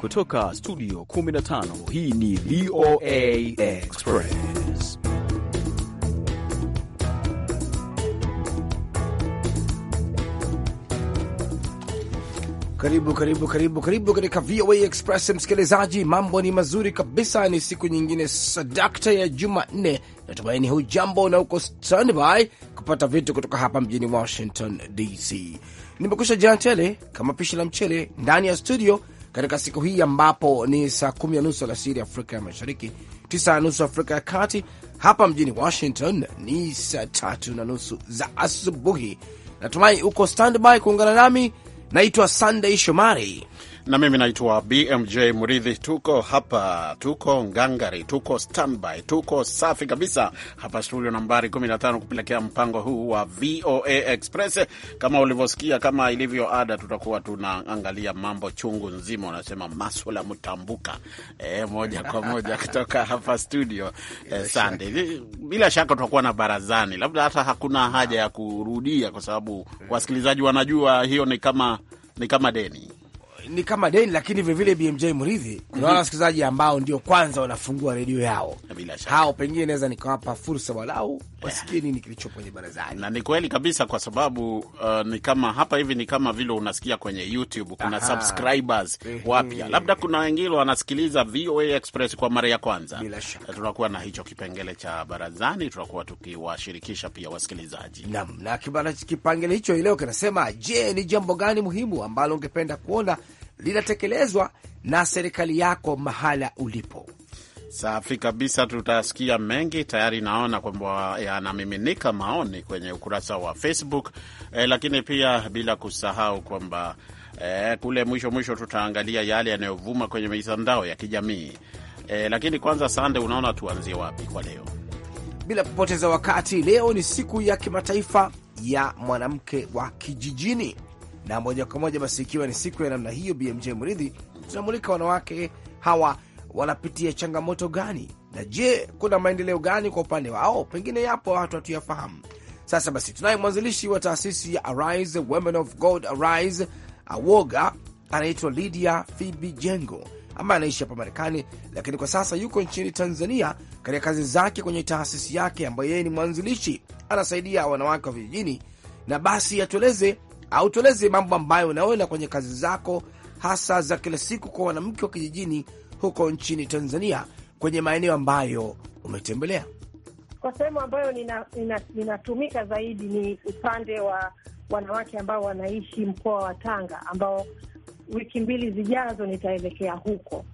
Kutoka studio 15 hii ni VOA Express. Karibu karibu karibu karibu katika VOA Express, msikilizaji. Mambo ni mazuri kabisa, ni siku nyingine sadakta ya Jumanne. Natumaini hujambo na uko standby kupata vitu kutoka hapa mjini Washington DC. Nimekusha jaa tele kama pishi la mchele ndani ya studio katika siku hii ambapo ni saa kumi na nusu alasiri Afrika ya Mashariki, tisa na nusu Afrika ya Kati. Hapa mjini Washington ni saa tatu na nusu za asubuhi. Natumai uko standby kuungana nami. Naitwa Sunday Shomari na mimi naitwa BMJ mridhi Tuko hapa, tuko ngangari, tuko standby, tuko safi kabisa hapa studio nambari 15 kupelekea mpango huu wa VOA Express. Kama ulivyosikia, kama ilivyo ada, tutakuwa tunaangalia mambo chungu nzima, wanasema maswala mtambuka, e, moja kwa moja kutoka hapa studio e, Sande. Bila shaka tutakuwa na barazani, labda hata hakuna haja ya kurudia, kwa sababu eh. wasikilizaji wanajua hiyo ni kama, ni kama deni ni kama deni, lakini vilevile BMJ Mridhi, kuna mm -hmm. wasikilizaji ambao ndio kwanza wanafungua redio yao, hao pengine naweza nikawapa fursa walau wasikie yeah. nini kilicho kwenye barazani. Na ni kweli kabisa, kwa sababu uh, ni kama hapa hivi ni kama vile unasikia kwenye YouTube kuna Aha. subscribers mhm. wapya, labda kuna wengine wanasikiliza VOA Express kwa mara ya kwanza. Tunakuwa na hicho kipengele cha barazani, tunakuwa tukiwashirikisha pia wasikilizaji nam na, na kipengele hicho ileo kinasema, je, ni jambo gani muhimu ambalo ungependa kuona linatekelezwa na serikali yako mahala ulipo. Safi kabisa, tutasikia mengi. Tayari naona kwamba yanamiminika maoni kwenye ukurasa wa Facebook eh, lakini pia bila kusahau kwamba eh, kule mwisho mwisho tutaangalia yale yanayovuma kwenye mitandao ya kijamii eh, lakini kwanza, Sande, unaona tuanzie wapi kwa leo? Bila kupoteza wakati, leo ni siku ya kimataifa ya mwanamke wa kijijini na moja kwa moja basi, ikiwa ni siku ya namna hiyo, BMJ Mridhi, tunamulika wanawake hawa wanapitia changamoto gani, na je, kuna maendeleo gani kwa upande wao? Pengine yapo watu hatuyafahamu. Sasa basi, tunaye mwanzilishi wa taasisi ya Arise Women of God Arise Awoga, anaitwa Lydia Fibi Jengo ambaye anaishi hapa Marekani, lakini kwa sasa yuko nchini Tanzania katika kazi zake kwenye taasisi yake ambayo yeye ni mwanzilishi, anasaidia wanawake wa vijijini. Na basi atueleze au tueleze mambo ambayo unaona kwenye kazi zako hasa za kila siku kwa wanamke wa kijijini huko nchini Tanzania kwenye maeneo ambayo umetembelea. Kwa sehemu ambayo ninatumika nina, nina zaidi ni upande wa wanawake ambao wanaishi mkoa wa Tanga, ambao wiki mbili zijazo nitaelekea huko,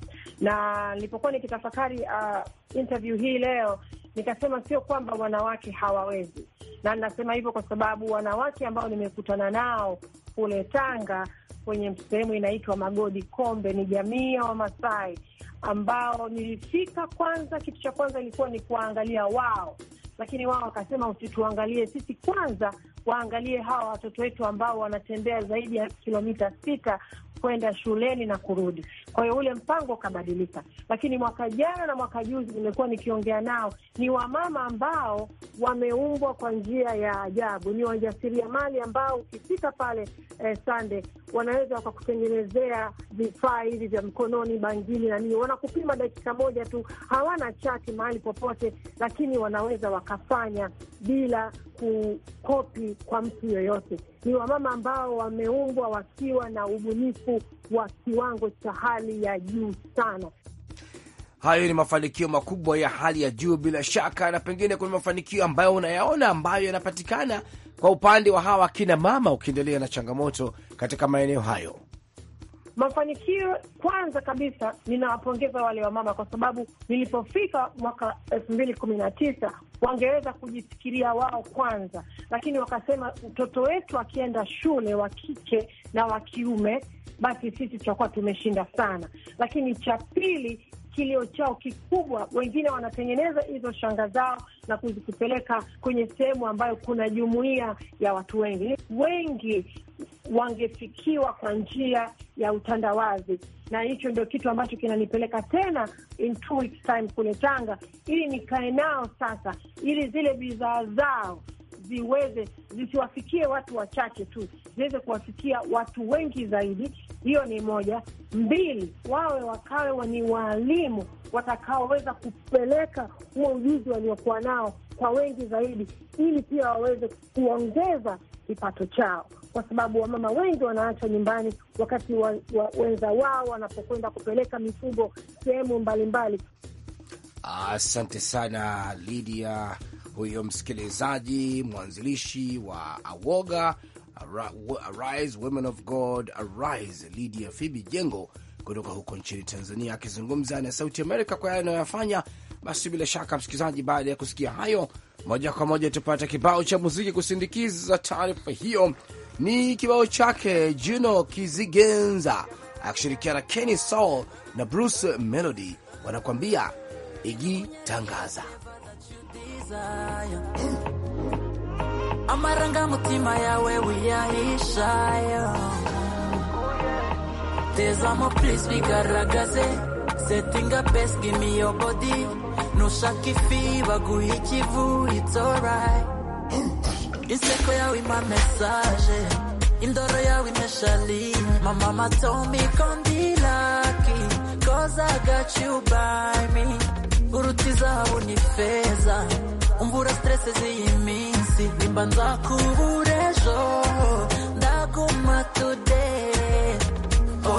na nilipokuwa nikitafakari uh, interview hii leo nikasema sio kwamba wanawake hawawezi, na nasema hivyo kwa sababu wanawake ambao nimekutana nao kule Tanga kwenye sehemu inaitwa Magodi Kombe, ni jamii ya Wamasai ambao nilifika, kwanza, kitu cha kwanza ilikuwa ni kuwaangalia wao, lakini wao wakasema usituangalie sisi kwanza waangalie hawa watoto wetu ambao wanatembea zaidi ya kilomita sita kwenda shuleni na kurudi. Kwa hiyo ule mpango ukabadilika, lakini mwaka jana na mwaka juzi nimekuwa nikiongea nao, ni wamama ambao wameumbwa kwa njia ya ajabu, ni wajasiriamali ambao ukifika pale eh, Sande wanaweza wakakutengenezea vifaa hivi vya mkononi, bangili na nini, wanakupima dakika moja tu, hawana chati mahali popote, lakini wanaweza wakafanya bila kukopi kwa mtu yoyote. Ni wamama ambao wameumbwa wakiwa na ubunifu wa kiwango cha hali ya juu sana. Hayo ni mafanikio makubwa ya hali ya juu bila shaka, na pengine kuna mafanikio ambayo unayaona ambayo yanapatikana kwa upande wa hawa kina mama ukiendelea na changamoto katika maeneo hayo? Mafanikio kwanza kabisa, ninawapongeza wale wamama kwa sababu nilipofika mwaka elfu mbili kumi na tisa wangeweza kujifikiria wao kwanza, lakini wakasema mtoto wetu akienda shule wa kike na wa kiume, basi sisi tutakuwa tumeshinda sana. Lakini cha pili, kilio chao kikubwa. Wengine wanatengeneza hizo shanga zao na kuzikipeleka kwenye sehemu ambayo kuna jumuiya ya watu wengi. Wengi wangefikiwa kwa njia ya utandawazi, na hicho ndio kitu ambacho kinanipeleka tena in two weeks time kule Tanga, ili nikae nao sasa, ili zile bidhaa zao ziweze zisiwafikie watu wachache tu, ziweze kuwafikia watu wengi zaidi hiyo ni moja. Mbili, wawe wakawe ni waalimu watakaoweza kupeleka huo ujuzi waliokuwa nao kwa wengi zaidi, ili pia waweze kuongeza kipato chao, kwa sababu wamama wengi wanaachwa nyumbani wakati wa, wa, wenza wao wanapokwenda kupeleka mifugo sehemu mbalimbali. Asante sana Lydia, huyo msikilizaji mwanzilishi wa Awoga Arise Women of God Arise, Lydia Fibi Jengo kutoka huko nchini Tanzania, akizungumza na Sauti Amerika kwa yale anayoyafanya. Basi bila shaka, msikilizaji, baada ya kusikia hayo, moja kwa moja tupata kibao cha muziki kusindikiza taarifa hiyo. Ni kibao chake Juno Kizigenza akishirikiana Kenny Saul na Bruce Melody, wanakuambia igitangaza. amarangamutima yawe wiyahishayo tezamo please bigaragaze setinga best give me your body nushaka ifi baguha ikivu it's alright inseko yawe ima message indoro yawe imeshali my mama told me come be lucky cause I got you by me ni feza umvura stress z'iyi minsi nimba nzakubura ejo ndaguma today oh. oh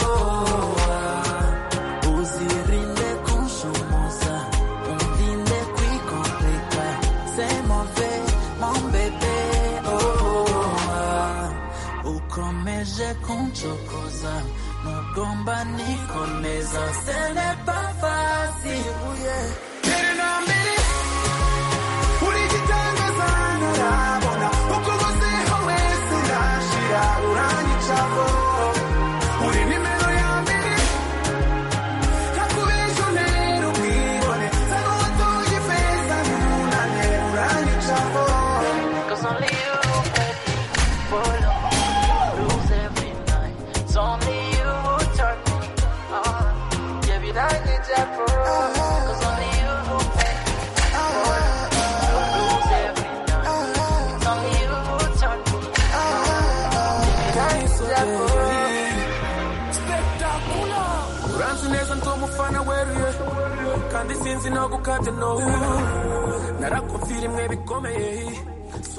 ukomeje kunchokoza mugomba nikomeza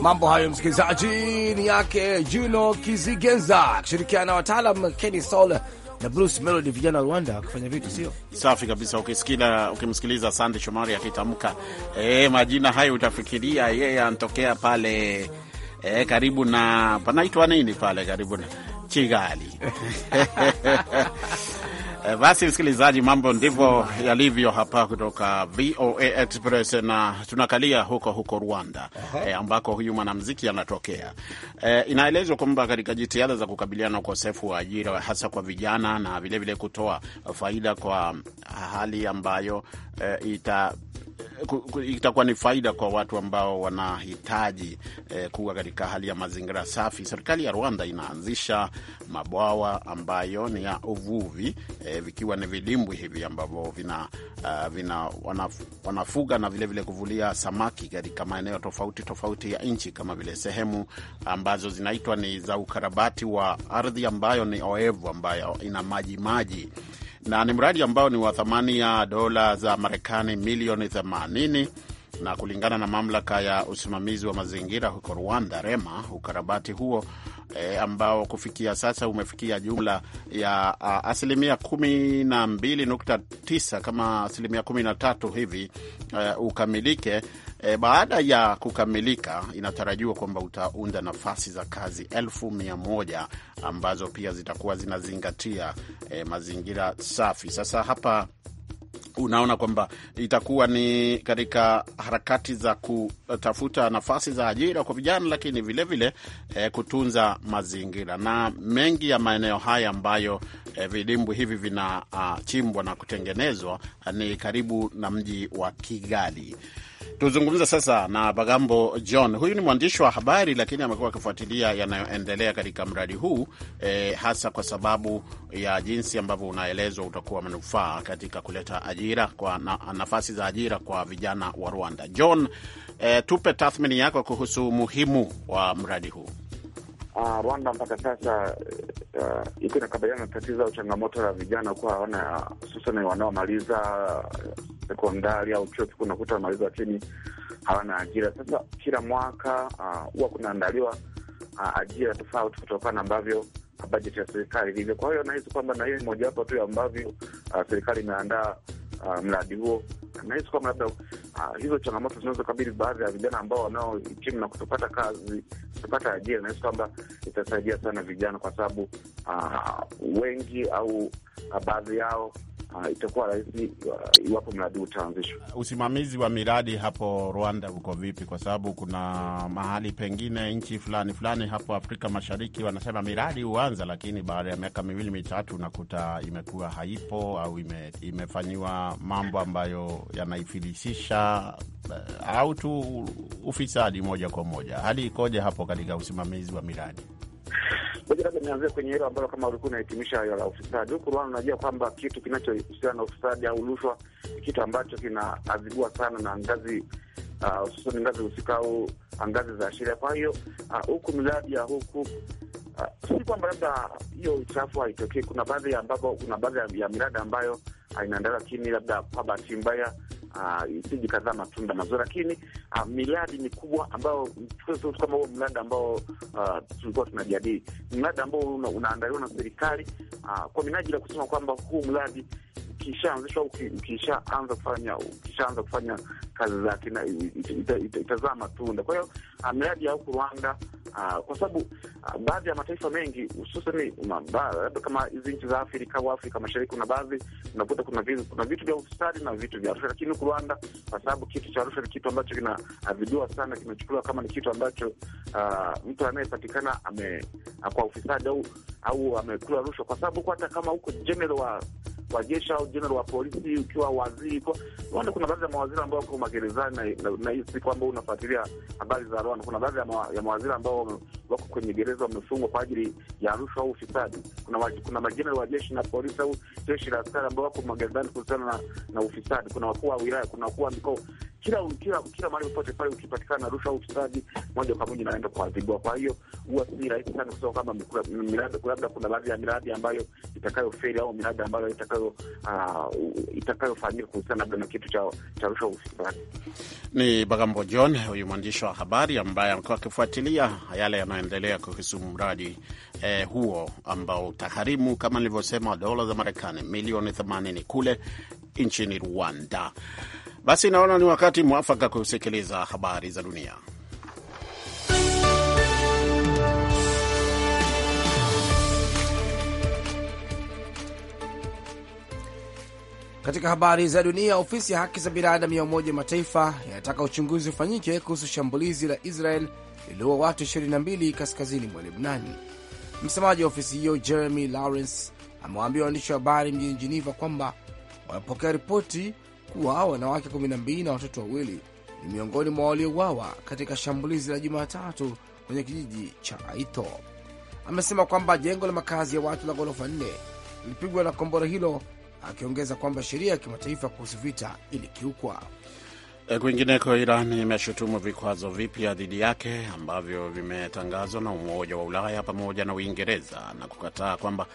Mambo hayo msikilizaji, ni yake Juno Kizigenza kushirikiana na wataalam Kenny Soul na Bruce Melody, vijana wa Rwanda wakifanya vitu sio safi kabisa. Ukisikia ukimsikiliza Sande Shomari akitamka e, majina hayo utafikiria yeye anatokea pale e, karibu na panaitwa nini pale karibu na Kigali. Eh, basi msikilizaji, mambo ndivyo yalivyo hapa kutoka VOA Express, na tunakalia huko huko Rwanda e, ambako huyu mwanamuziki anatokea. E, inaelezwa kwamba katika jitihada za kukabiliana na ukosefu wa ajira hasa kwa vijana na vilevile kutoa faida kwa hali ambayo e, ita itakuwa ni faida kwa watu ambao wanahitaji eh, kuwa katika hali ya mazingira safi. Serikali ya Rwanda inaanzisha mabwawa ambayo ni ya uvuvi eh, vikiwa ni vidimbwi hivi ambavyo vina, uh, vina wanaf, wanafuga na vilevile vile kuvulia samaki katika maeneo tofauti tofauti ya nchi kama vile sehemu ambazo zinaitwa ni za ukarabati wa ardhi ambayo ni oevu ambayo ina maji maji na ni mradi ambao ni wa thamani ya dola za Marekani milioni 80 na kulingana na mamlaka ya usimamizi wa mazingira huko Rwanda, REMA, ukarabati huo e, ambao kufikia sasa umefikia jumla ya a, asilimia 12.9 kama asilimia 13 hivi e, ukamilike E, baada ya kukamilika inatarajiwa kwamba utaunda nafasi za kazi elfu mia moja ambazo pia zitakuwa zinazingatia e, mazingira safi. Sasa hapa unaona kwamba itakuwa ni katika harakati za kutafuta nafasi za ajira kwa vijana, lakini vilevile vile, e, kutunza mazingira na mengi ya maeneo haya ambayo e, vidimbwi hivi vinachimbwa ah, na kutengenezwa ni karibu na mji wa Kigali. Tuzungumze sasa na Bagambo John. Huyu ni mwandishi wa habari, lakini amekuwa akifuatilia yanayoendelea katika mradi huu e, hasa kwa sababu ya jinsi ambavyo unaelezwa utakuwa manufaa katika kuleta ajira kwa na, nafasi za ajira kwa vijana wa Rwanda. John, e, tupe tathmini yako kuhusu umuhimu wa mradi huu. Uh, Rwanda mpaka sasa uh, iko inakabiliana na tatizo au changamoto la vijana kuwa hawana hususan wanaomaliza eh, sekondari au chuo kikuu, unakuta wamaliza chini hawana ajira. Sasa kila mwaka ah, huwa uh, kunaandaliwa uh, ajira tofauti kutokana ambavyo bajeti ya serikali ilivyo. Kwa hiyo nahisi kwamba na hiyo mojawapo tu ambavyo uh, serikali imeandaa uh, mradi huo nahisi kwamba labda Ah, hizo changamoto zinazokabili baadhi ya vijana ambao wanaohitimu na kutopata kazi, kutopata ajira, nahisi kwamba itasaidia sana vijana kwa sababu ah, wengi au ah, baadhi yao uh, itakuwa rahisi uh, iwapo mradi utaanzishwa. Uh, usimamizi wa miradi hapo Rwanda uko vipi? Kwa sababu kuna mahali pengine nchi fulani fulani hapo Afrika Mashariki wanasema miradi huanza, lakini baada ya miaka miwili mitatu unakuta imekuwa haipo au ime, imefanyiwa mambo ambayo yanaifilisisha uh, au tu ufisadi moja kwa moja. Hali ikoje hapo katika usimamizi wa miradi? Moja, labda nianzie kwenye hilo ambalo kama ulikuwa unahitimisha hayo la ufisadi. Huku Rwanda unajua kwamba kitu kinachohusiana na ufisadi au rushwa ni kitu ambacho kinaadhibiwa sana na ngazi uh, hususan uh, ngazi husika au ngazi za sheria. Kwa hiyo uh, huku uh, miradi ya huku Uh, si kwamba labda hiyo uchafu haitokee. Kuna baadhi ambapo kuna baadhi ya miradi ambayo inaendelea, lakini labda kwa bahati mbaya uh, kadhaa matunda mazuri, lakini uh, ah, miradi mikubwa ambayo kama huo mradi ambao uh, tulikuwa tunajadili, mradi ambao una, unaandaliwa na serikali uh, kwa minajili ya kusema kwamba huu mradi ukishaanzishwa ukishaanza kufanya ukishaanza kufanya kazi zake na itazaa matunda. Kwa hiyo ah, miradi ya huku Rwanda uh, kwa sababu uh, baadhi ya mataifa mengi hususani labda kama hizi nchi za Afrika au Afrika Mashariki, kuna baadhi unakuta kuna vitu, kuna vitu vya ufisadi na vitu vya Arusha, lakini huku Rwanda kwa sababu kitu cha Arusha ni kitu ambacho kinavidiwa sana, kimechukuliwa kama ni kitu ambacho uh, mtu anayepatikana ame kwa ufisadi au au amekula rushwa, kwa sababu hata kama huko general wa wa jeshi au jenerali wa polisi, ukiwa waziri kwa Rwanda. Kuna baadhi ya mawaziri ambao wako magerezani, na hii si kwamba unafuatilia habari za Rwanda. Kuna baadhi ya mawaziri ambao wako kwenye gereza, wamefungwa kwa ajili ya rushwa au ufisadi. Kuna, kuna majenerali wa jeshi na polisi au jeshi la askari ambao wako magerezani kuhusiana na, na ufisadi. Kuna wakuu wa wilaya, kuna wakuu wa mikoa kila kila kila mahali popote pale ukipatikana na rushwa au ufisadi, moja kwa moja inaenda kuadhibiwa. Kwa hiyo huwa si rahisi sana kusema kwamba labda kuna baadhi ya miradi ambayo itakayo itakayofeli au miradi ambayo itakayo uh, itakayofanyika kuhusiana labda na kitu cha, cha rushwa au ufisadi. Ni Bagambo John, huyu mwandishi wa habari ambaye amekuwa akifuatilia yale yanayoendelea kuhusu mradi eh, huo ambao utagharimu kama nilivyosema dola za Marekani milioni 80 kule nchini Rwanda. Basi naona ni wakati mwafaka kusikiliza habari za dunia. Katika habari za dunia, ofisi ya haki za binadamu ya Umoja Mataifa inataka uchunguzi ufanyike kuhusu shambulizi la Israel lililoua watu 22 kaskazini mwa Lebnani. Msemaji wa ofisi hiyo Jeremy Lawrence amewaambia waandishi wa habari mjini jeneva kwamba wamepokea ripoti kuwa wanawake 12 na watoto wawili ni miongoni mwa waliouawa katika shambulizi la Jumatatu kwenye kijiji cha Aito. Amesema kwamba jengo la makazi ya watu la ghorofa nne lilipigwa na kombora hilo, akiongeza kwamba sheria ya kimataifa kuhusu vita ilikiukwa. E, kwingineko, Iran imeshutumu vikwazo vipya dhidi yake ambavyo vimetangazwa na Umoja wa Ulaya pamoja na Uingereza na kukataa kwamba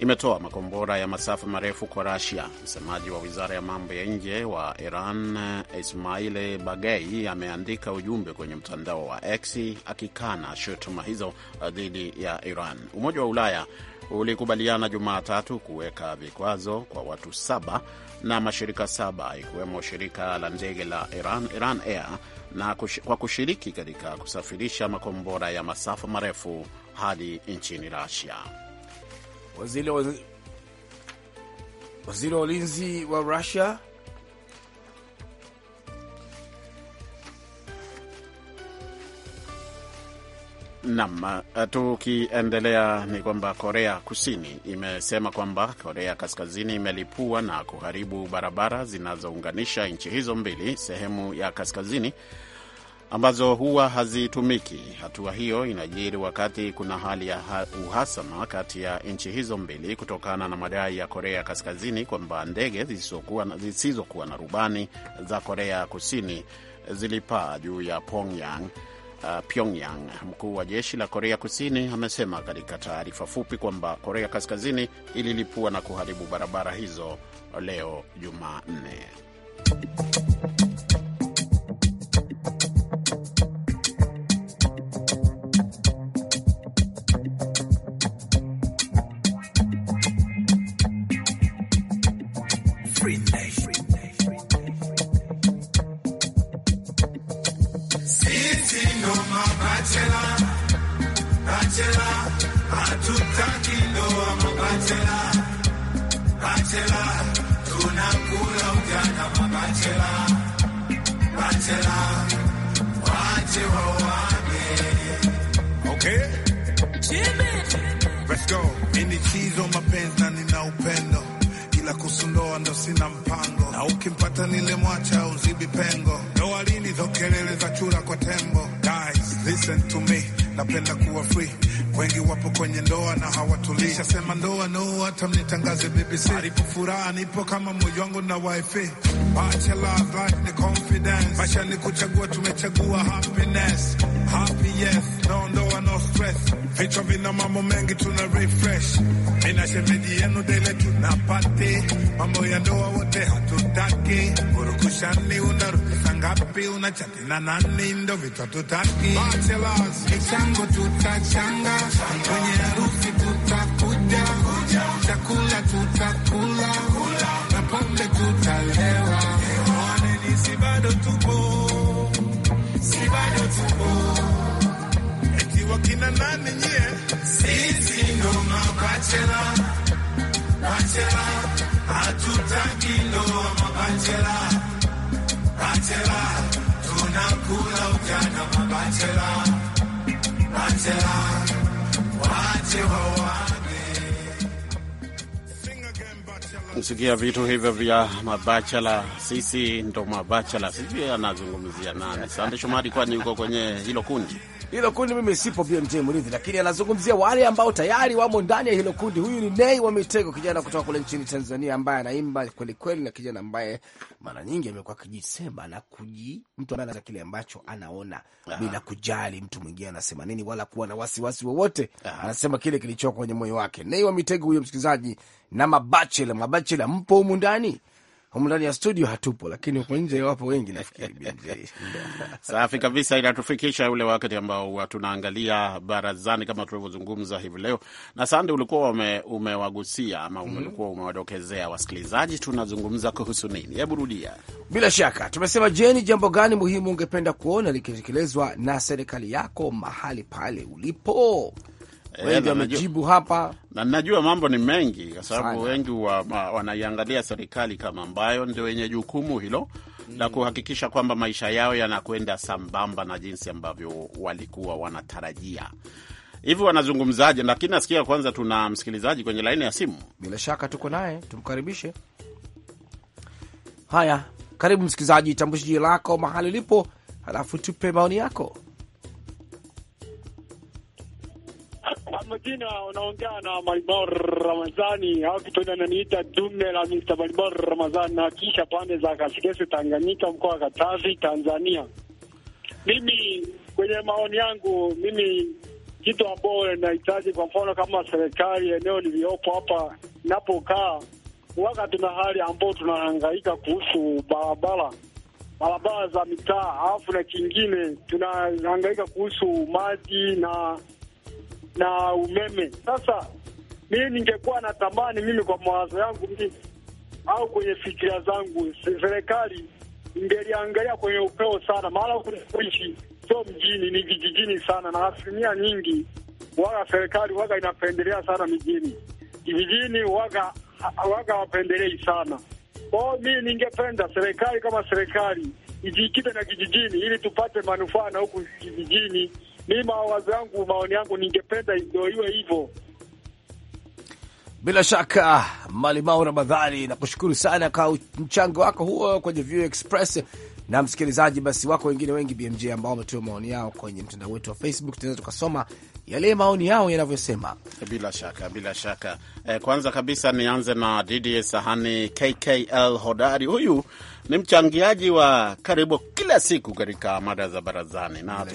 imetoa makombora ya masafa marefu kwa Rasia. Msemaji wa wizara ya mambo ya nje wa Iran, Ismail Bagei, ameandika ujumbe kwenye mtandao wa X akikana shutuma hizo uh, dhidi ya Iran. Umoja wa Ulaya ulikubaliana Jumatatu kuweka vikwazo kwa watu saba na mashirika saba ikiwemo shirika la ndege la Iran, Iran Air na kush, kwa kushiriki katika kusafirisha makombora ya masafa marefu hadi nchini Rasia. Waziri wa waziri wa ulinzi wa Russia Nam, eh, tukiendelea ni kwamba Korea Kusini imesema kwamba Korea Kaskazini imelipua na kuharibu barabara zinazounganisha nchi hizo mbili, sehemu ya kaskazini ambazo huwa hazitumiki. Hatua hiyo inajiri wakati kuna hali ya uhasama kati ya nchi hizo mbili kutokana na madai ya Korea Kaskazini kwamba ndege zisizokuwa na rubani za Korea Kusini zilipaa juu ya Pyongyang. Uh, Pyongyang. Mkuu wa jeshi la Korea Kusini amesema katika taarifa fupi kwamba Korea Kaskazini ililipua na kuharibu barabara hizo leo Jumanne. Listen to me, napenda kuwa free. Wengi wapo kwenye ndoa na hawatulii. Shasema ndoa no, hata mnitangaze BBC. Alipo furaha nipo kama moyo wangu na wife. Bachelor life ni confidence. Maisha ni kuchagua, tumechagua happiness. Happy yes, no, no no stress, vichwa vina mambo mengi, tuna refresh. Mina shemeji yenu dele tunapate mambo ya ndoa, wote hatutaki urukushani. Unarukisha ngapi? Unachati na nani? Ndo vitu hatutaki. Michango tutachanga, kwenye harusi tutakuja, chakula tutakula na pombe tutalewa. Mwaneni, si bado tupo, si bado tupo wakina nani nyie? Sisi ndo mabachela, bachela, hatutaki ndoa mabachela, bachela, tunakula ujana mabachela, bachela, wache wawa Msikia vitu hivyo vya mabachela, sisi ndo mabachela. Sijui anazungumzia nani? Sande Shomari, kwani yuko kwenye hilo kundi? hilo kundi mimi sipo BMJ Mridhi, lakini anazungumzia wale ambao tayari wamo ndani ya hilo kundi. Huyu ni Nei wa Mitego, kijana kutoka kule nchini Tanzania ambaye anaimba kweli kweli, na kijana ambaye mara nyingi amekuwa akijisema na kuji mtu ambaye anataka kile ambacho anaona bila kujali mtu mwingine anasema nini wala kuwa na wasiwasi wowote. Anasema kile kilichoko kwenye moyo wake. Nei wa Mitego huyo, msikilizaji. Na mabachela, mabachela mpo humu ndani humu ndani ya studio hatupo, lakini huko nje wapo wengi nafikiri. Safi kabisa, inatufikisha ule wakati ambao tunaangalia barazani kama tulivyozungumza hivi leo. Na Sande, ulikuwa ume, umewagusia ama mhm. ulikuwa umewadokezea wasikilizaji, tunazungumza kuhusu nini? Hebu rudia. Bila shaka tumesema, je, ni jambo gani muhimu ungependa kuona likitekelezwa na serikali yako mahali pale ulipo? wengi eh, wamejibu hapa, na najua mambo ni mengi, kwa sababu wengi wa, wa, wanaiangalia serikali kama ambayo ndio yenye jukumu hilo mm, kuhakikisha kwamba maisha yao yanakwenda sambamba na jinsi ambavyo walikuwa wanatarajia hivi wanazungumzaje? Lakini nasikia kwanza, tuna msikilizaji kwenye laini ya simu. Bila shaka tuko naye, tumkaribishe. Haya, karibu msikilizaji, tambushi jina lako, mahali ulipo, halafu tupe maoni yako. majina unaongea na Malibor Ramazani au kitoda naniita dume la Mr. Malibor Ramazani na kisha pande za Kasikese, Tanganyika, mkoa wa Katavi, Tanzania. Mimi kwenye maoni yangu, mimi kitu ambayo nahitaji, kwa mfano kama serikali eneo liliopo hapa napokaa, waka tuna hali ambayo tunahangaika kuhusu barabara barabara za mitaa, alafu na kingine tunahangaika kuhusu maji na na umeme. Sasa mimi ningekuwa natamani mimi kwa mawazo yangu mimi au kwenye fikira zangu, serikali ingeliangalia kwenye upeo sana, maana kuishi sio mjini, ni vijijini sana, na asilimia nyingi waga serikali waga inapendelea sana mijini, vijijini waga waga wapendelei sana kwao. Mimi ningependa serikali kama serikali ijikite na kijijini, ili tupate manufaa na huku kijijini mi mawazo yangu, maoni yangu, ningependa ndio iwe hivyo. Bila shaka Malimau Ramadhani, nakushukuru sana kwa mchango wako huo kwenye View Express na msikilizaji, basi wako wengine wengi BMJ ambao wametoa maoni yao kwenye mtandao wetu wa Facebook, tunaweza tukasoma yale maoni yao yanavyosema. Bila shaka, bila shaka. Eh, kwanza kabisa nianze na Didi Sahani KKL Hodari. Huyu ni mchangiaji wa karibu kila siku katika mada za barazani, na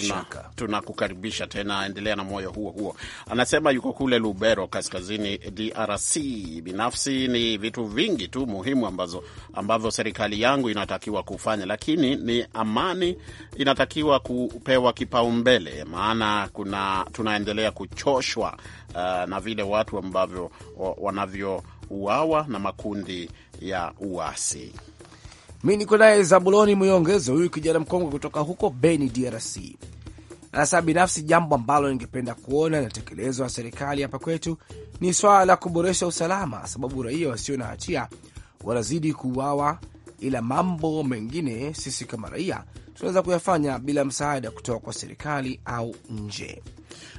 tunakukaribisha tuna tena, endelea na moyo huo huo. Anasema yuko kule Lubero, kaskazini DRC. Binafsi ni vitu vingi tu muhimu ambazo ambavyo serikali yangu inatakiwa kufanya, lakini ni amani inatakiwa kupewa kipaumbele, maana kuna wanaendelea kuchoshwa uh, na vile watu ambavyo wanavyouawa na makundi ya uasi. Mi niko naye Zabuloni Muyongezi, huyu kijana mkongwe kutoka huko Beni, DRC. Anasema binafsi, jambo ambalo ningependa kuona inatekelezwa na serikali hapa kwetu ni swala la kuboresha usalama, sababu raia wasio na hatia wanazidi kuuawa, ila mambo mengine sisi kama raia tunaweza kuyafanya bila msaada kutoka kwa serikali au nje.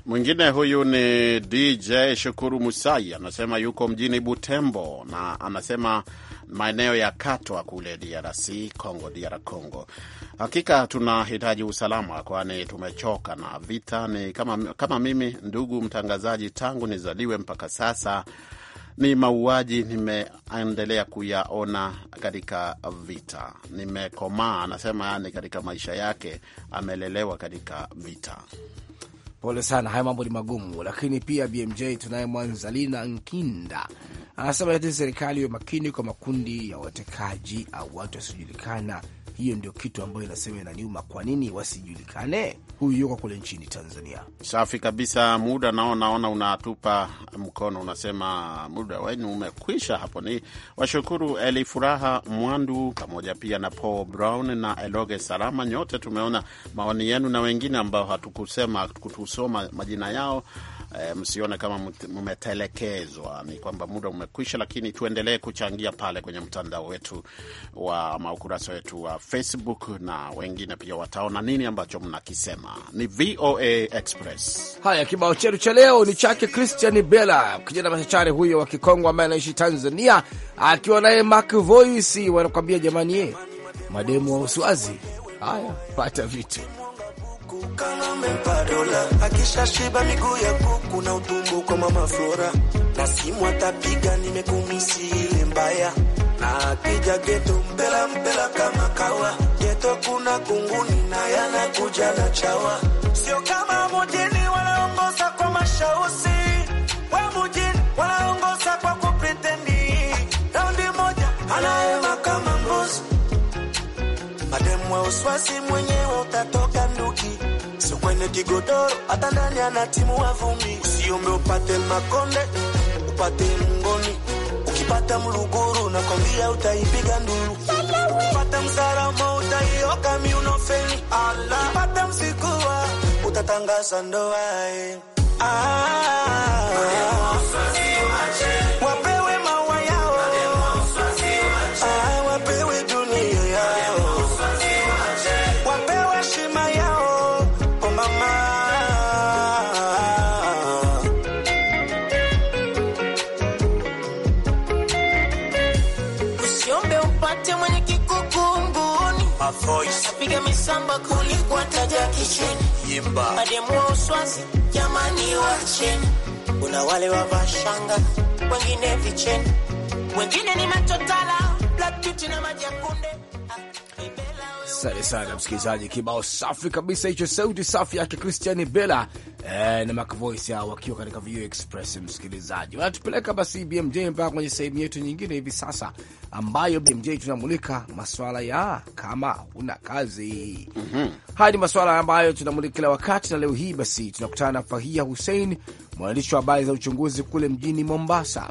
Mwingine huyu ni DJ Shukuru Musai, anasema yuko mjini Butembo na anasema maeneo ya Katwa kule DRC Congo, DR Congo. Hakika tunahitaji usalama, kwani tumechoka na vita. Ni kama, kama mimi ndugu mtangazaji, tangu nizaliwe mpaka sasa ni mauaji nimeendelea kuyaona katika vita. Nimekomaa, anasema, yani katika maisha yake amelelewa katika vita. Pole sana, haya mambo ni magumu. Lakini pia BMJ, tunaye Mwanzalina Nkinda anasema ati serikali iwe makini kwa makundi ya watekaji au watu wasiojulikana hiyo ndio kitu ambayo inasema inaniuma. Kwa nini wasijulikane? Huyu yuko kule nchini Tanzania. Safi kabisa. Muda nao naona unatupa mkono, unasema muda wenu umekwisha. Hapo ni washukuru Eli Furaha Mwandu pamoja pia na Paul Brown na Eloge Salama. Nyote tumeona maoni yenu na wengine ambao hatukusema kutusoma majina yao e, msione kama mmetelekezwa, ni kwamba muda umekwisha, lakini tuendelee kuchangia pale kwenye mtandao wetu wa maukurasa wetu wa Facebook, na wengine pia wataona nini ambacho mnakisema. Ni VOA Express. Haya, kibao chetu cha leo ni chake Christian Bella, kijana machachari huyo wa Kikongo ambaye anaishi Tanzania, akiwa naye mak Voice wanakwambia jamani, ye mademu wa usiwazi. Haya, pata vitu Akishashiba miguu ya kuku na utumbo kwa mama Flora, na simu atapiga, nimekumisi ile mbaya. Na akija geto mpela mpela kama kawa, geto kuna kunguni na yanakuja na chawa, sio kama mujini wanaongoza kwa mashausi, wa mujini wanaongoza kwa kupretendi. Raundi moja anaema kama mbuzi, mademu wa uswasi mwenyewe utatoka nduki kwenye kigodoro, hata ndani ana timu wavumi. Usiombe upate makonde, upate mngoni, ukipata mluguru na kwambia utaipiga nduru, upata msaramo utaioka ala ukipata msikuwa utatangaza ndoa. Ah. Samba kuliko taja kicheni, mademu uswazi jamani wacheni. Kuna wale wavaa shanga, wengine vicheni, wengine ni matotala, black beauty na maji ya kunde Asante sana msikilizaji, kibao safi kabisa hicho, sauti safi yake Christian Bella eh, na Macvoice hao wakiwa katika View Express. Msikilizaji, wanatupeleka basi BMJ mpaka kwenye sehemu yetu nyingine hivi sasa, ambayo BMJ tunamulika maswala ya kama huna kazi. mm -hmm. Haya ni maswala ambayo tunamulika kila wakati, na leo hii basi tunakutana na Fahia Hussein, mwandishi wa habari za uchunguzi kule mjini Mombasa.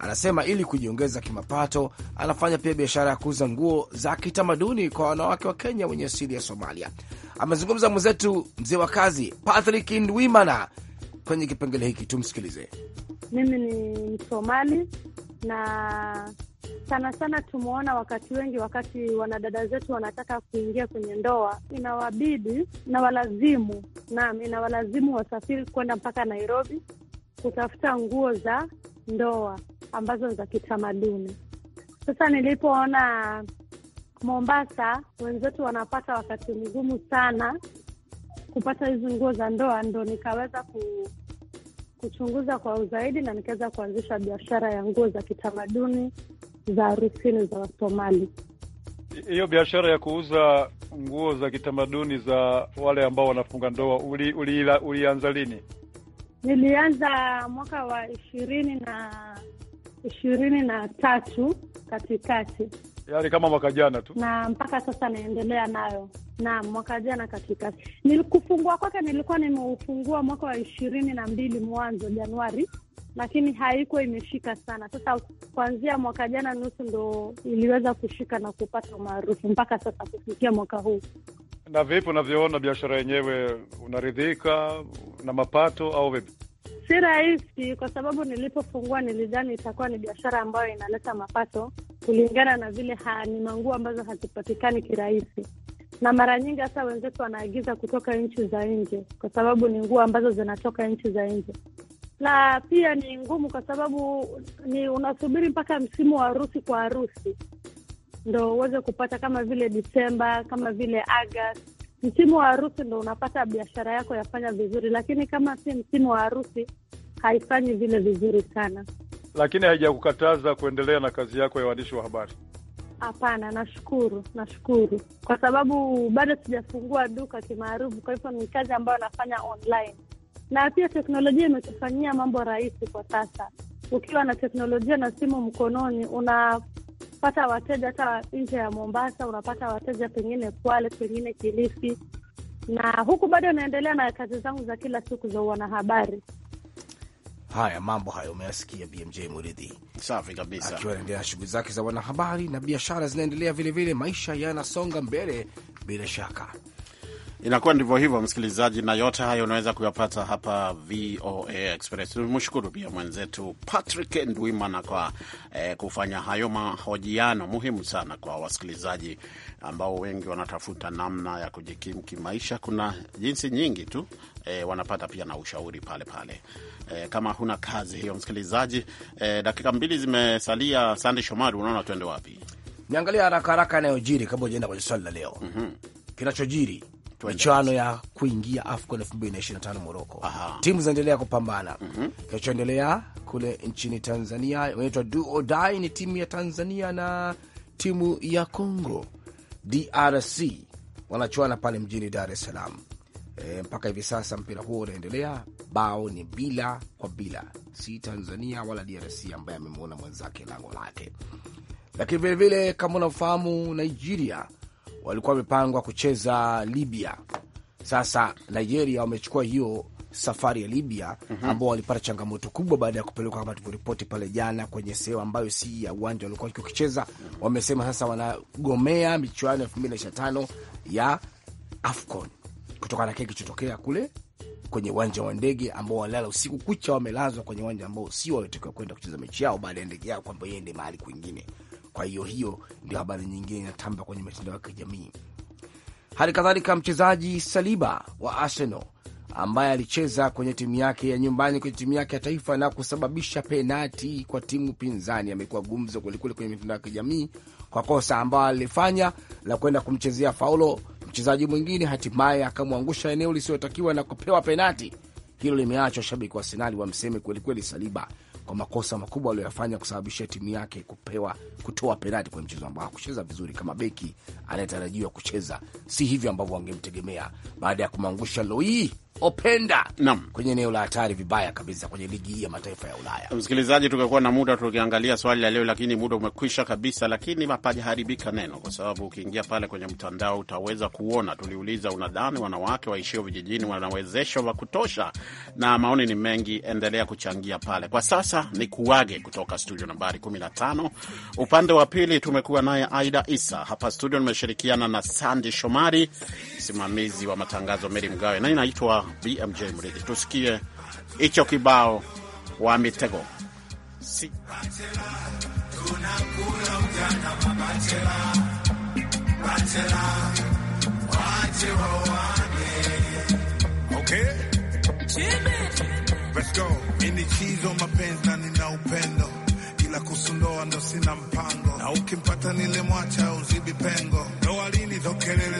Anasema ili kujiongeza kimapato, anafanya pia biashara ya kuuza nguo za kitamaduni kwa wanawake wa Kenya wenye asili ya Somalia. Amezungumza mwenzetu mzee wa kazi Patrick Ndwimana kwenye kipengele hiki, tumsikilize. Mimi ni Msomali na sana sana tumeona wakati wengi, wakati wanadada zetu wanataka kuingia kwenye ndoa, inawabidi na walazimu, naam, inawalazimu wasafiri kwenda mpaka Nairobi kutafuta nguo za ndoa ambazo ni za kitamaduni. Sasa nilipoona Mombasa wenzetu wanapata wakati mgumu sana kupata hizi nguo za ndoa, ndo nikaweza ku, kuchunguza kwa uzaidi na nikaweza kuanzisha biashara ya nguo za kitamaduni za harusini za Wasomali. Hiyo biashara ya kuuza nguo za kitamaduni za wale ambao wanafunga ndoa ulianza uli, uli lini? Nilianza mwaka wa ishirini na ishirini na tatu katikati, yaani kama mwaka jana tu, na mpaka sasa naendelea nayo. Naam, mwaka jana katikati nilikufungua kwake, nilikuwa nimeufungua mwaka wa ishirini na mbili mwanzo Januari, lakini haikuwa imeshika sana. Sasa kuanzia mwaka jana nusu ndo iliweza kushika na kupata umaarufu mpaka sasa kufikia mwaka huu. Na vipi unavyoona biashara yenyewe, unaridhika na mapato au vipi? Si rahisi kwa sababu nilipofungua nilidhani itakuwa ni biashara ambayo inaleta mapato kulingana na vile ha, ni manguo ambazo hazipatikani kirahisi, na mara nyingi hata wenzetu wanaagiza kutoka nchi za nje, kwa sababu ni nguo ambazo zinatoka nchi za nje, na pia ni ngumu kwa sababu ni unasubiri mpaka msimu wa harusi kwa harusi ndo uweze kupata, kama vile Disemba, kama vile Agosti msimu wa harusi ndo unapata biashara yako yafanya vizuri, lakini kama si msimu wa harusi haifanyi vile vizuri sana. Lakini haijakukataza kuendelea na kazi yako ya waandishi wa habari? Hapana, nashukuru, nashukuru kwa sababu bado sijafungua duka kimaarufu, kwa hivyo ni kazi ambayo nafanya online, na pia teknolojia imetufanyia mambo rahisi kwa sasa. Ukiwa na teknolojia na simu mkononi, una kupata wateja hata nje ya Mombasa, unapata wateja pengine Kwale, pengine Kilifi, na huku bado naendelea na kazi zangu za kila siku za wanahabari. Haya, mambo hayo umeyasikia BMJ Muridhi. Safi kabisa, akiwa anaendelea na shughuli zake za wanahabari na biashara zinaendelea vilevile, maisha yanasonga mbele bila shaka. Inakuwa ndivyo hivyo, msikilizaji, na yote hayo unaweza kuyapata hapa VOA Express. Tumshukuru pia mwenzetu Patrick Ndwimana kwa eh, kufanya hayo mahojiano muhimu sana kwa wasikilizaji ambao wengi wanatafuta namna ya kujikimu kimaisha. Kuna jinsi nyingi tu E, wanapata pia na ushauri pale pale E, kama huna kazi hiyo, msikilizaji. e, dakika mbili zimesalia. Sande Shomari, unaona tuende wapi? Niangalia haraka haraka yanayojiri kabla ujaenda kwenye swali la leo. mm -hmm. kinachojiri michuano ya kuingia AFCON 2025 Moroko. Timu zinaendelea kupambana. mm -hmm. Kinachoendelea kule nchini Tanzania inaitwa Duodai, ni timu ya Tanzania na timu ya Congo DRC wanachuana pale mjini Dar es Salaam. E, mpaka hivi sasa mpira huo unaendelea, bao ni bila kwa bila, si Tanzania wala DRC ambaye amemwona mwenzake lango lake. Lakini vilevile kama unafahamu Nigeria walikuwa wamepangwa kucheza Libya. Sasa Nigeria wamechukua hiyo safari ya Libya mm -hmm. ambao walipata changamoto kubwa baada ya kupelekwa kama tulivyoripoti pale jana kwenye sehemu ambayo si ya uwanja walikuwa wakicheza. Wamesema sasa wanagomea michuano elfu mbili na ishirini na tano ya AFCON kutokana na kile kilichotokea kule kwenye uwanja wa ndege ambao walala usiku kucha, wamelazwa kwenye uwanja ambao si walitakiwa kwenda kucheza mechi yao baada ya ndege yao kwamba iende mahali kwingine. Kwa hiyo hiyo ndio habari nyingine inatamba kwenye mitandao ya kijamii. Hali kadhalika mchezaji Saliba wa Arsenal ambaye alicheza kwenye timu yake ya nyumbani kwenye timu yake ya taifa na kusababisha penati kwa timu pinzani amekuwa gumzo kwelikweli kwenye mitandao ya kijamii kwa kosa ambayo alilifanya la kwenda kumchezea faulo mchezaji mwingine, hatimaye akamwangusha eneo lisiyotakiwa na kupewa penati. Hilo limeachwa shabiki wa Arsenali wamseme kwelikweli Saliba kwa makosa makubwa aliyoyafanya kusababisha timu yake kupewa kutoa penati kwenye mchezo ambao hakucheza vizuri kama beki anayetarajiwa kucheza, si hivyo ambavyo wangemtegemea baada ya kumwangusha Loi Openda Nam. kwenye eneo la hatari vibaya kabisa kwenye ligi hii ya mataifa ya Ulaya. Msikilizaji, tungekuwa na muda tukiangalia swali la leo, lakini muda umekwisha kabisa, lakini hapajaharibika neno, kwa sababu ukiingia pale kwenye mtandao utaweza kuona tuliuliza, unadhani wanawake waishio vijijini wanawezeshwa wa kutosha? Na maoni ni mengi, endelea kuchangia pale. Kwa sasa ni kuage kutoka studio nambari 15. Upande wa pili tumekuwa naye Aida Isa hapa studio, nimeshirikiana na Sandi Shomari, msimamizi wa matangazo Meri Mgawe na inaitwa BMJ Mridhi. Tusikie hicho kibao wa mitego si okay. Let's nina upendo, ila kusundoa ndo sina mpango, na ukimpata nilimwacha uzibi pengo, ndoa lini, zo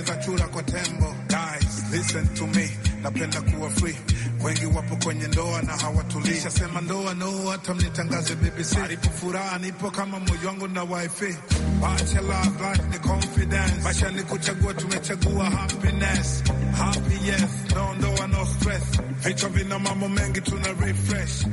za chura kwa tembo. Guys, listen to me napenda kuwa free. Wengi wapo kwenye ndoa na hawatulisha sema ndoa no, hata mnitangaze BBC. Alipo furaha nipo kama moyo wangu na wifi. Bachelor black ni confidence, basha ni kuchagua, tumechagua happiness, happy yes, no ndoa no stress, vichwa vina mambo mengi tuna refresh